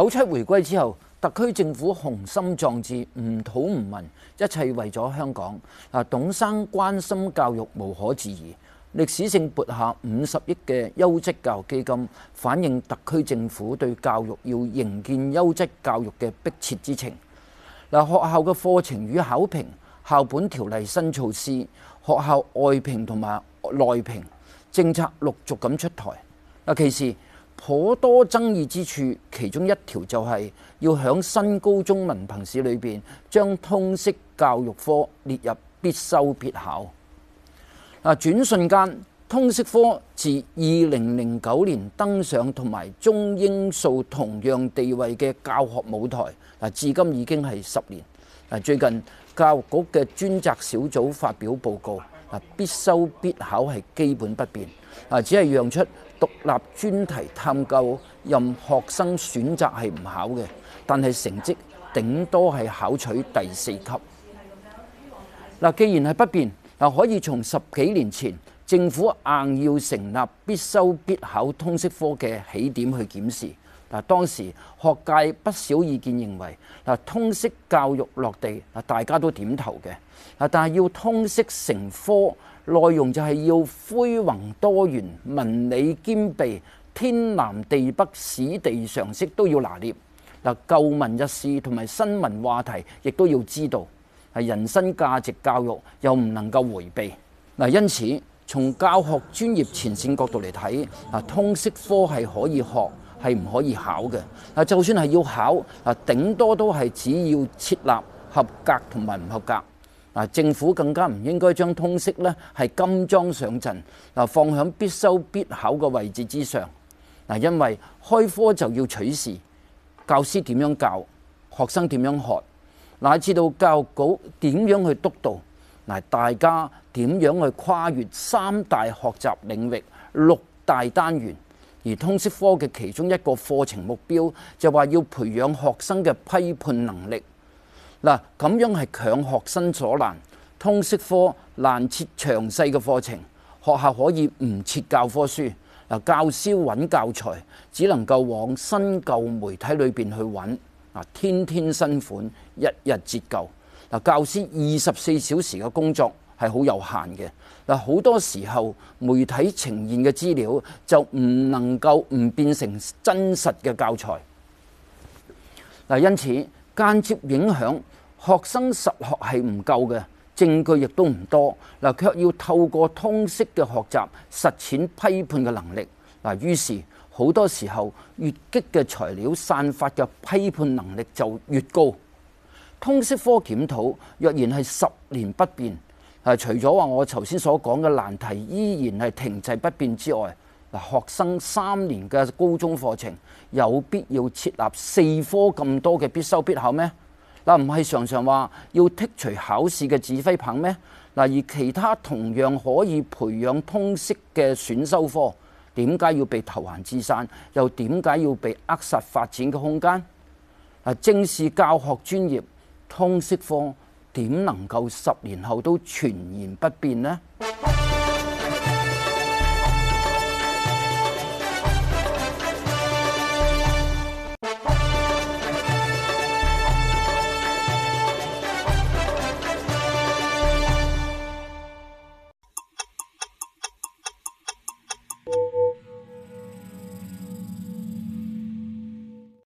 九七回歸之後，特區政府雄心壯志，唔討唔問，一切為咗香港。嗱，董生關心教育無可置疑，歷史性撥下五十億嘅優質教育基金，反映特區政府對教育要營建優質教育嘅迫切之情。嗱，學校嘅課程與考評、校本條例新措施、學校外評同埋內評政策陸續咁出台。嗱，其次。好多爭議之處，其中一條就係、是、要喺新高中文憑試裏邊將通識教育科列入必修必考。嗱，轉瞬間，通識科自二零零九年登上同埋中英數同樣地位嘅教學舞台，嗱，至今已經係十年。最近教育局嘅專責小組發表報告。必修必考是基本不變，只是讓出獨立專題探究任學生選擇是唔考嘅，但是成績頂多是考取第四級。既然是不變，又可以從十幾年前政府硬要成立必修必考通識科的起點去檢視。嗱，當時學界不少意見認為，嗱，通識教育落地，嗱，大家都點頭嘅。啊，但係要通識成科內容就係要恢宏多元、文理兼備、天南地北史地常識都要拿捏。嗱，舊聞日事同埋新聞話題亦都要知道，係人生價值教育又唔能夠迴避。嗱，因此從教學專業前線角度嚟睇，啊，通識科係可以學。係唔可以考嘅。嗱，就算係要考，啊，頂多都係只要設立合格同埋唔合格。啊，政府更加唔應該將通識呢係金裝上陣，嗱，放響必修必考嘅位置之上。嗱，因為開科就要取士，教師點樣教，學生點樣學，乃至到教育局點樣去督導，嗱，大家點樣去跨越三大學習領域、六大單元。而通識科嘅其中一個課程目標就話要培養學生嘅批判能力。嗱，咁樣係強學生所難。通識科難設詳細嘅課程，學校可以唔設教科書。嗱，教師揾教材，只能夠往新舊媒體裏邊去揾。嗱，天天新款，一日折舊。嗱，教師二十四小時嘅工作。係好有限嘅。嗱，好多時候媒體呈現嘅資料就唔能夠唔變成真實嘅教材。嗱，因此間接影響學生實學係唔夠嘅，證據，亦都唔多。嗱，卻要透過通識嘅學習實踐批判嘅能力。嗱，於是好多時候越激嘅材料散發嘅批判能力就越高。通識科檢討若然係十年不變。除咗話我頭先所講嘅難題依然係停滯不變之外，嗱學生三年嘅高中課程有必要設立四科咁多嘅必修必考咩？嗱唔係常常話要剔除考試嘅指揮棒咩？嗱而其他同樣可以培養通識嘅選修科，點解要被投閒置散？又點解要被扼殺發展嘅空間？正是教學專業通識科。點能夠十年後都全然不變呢？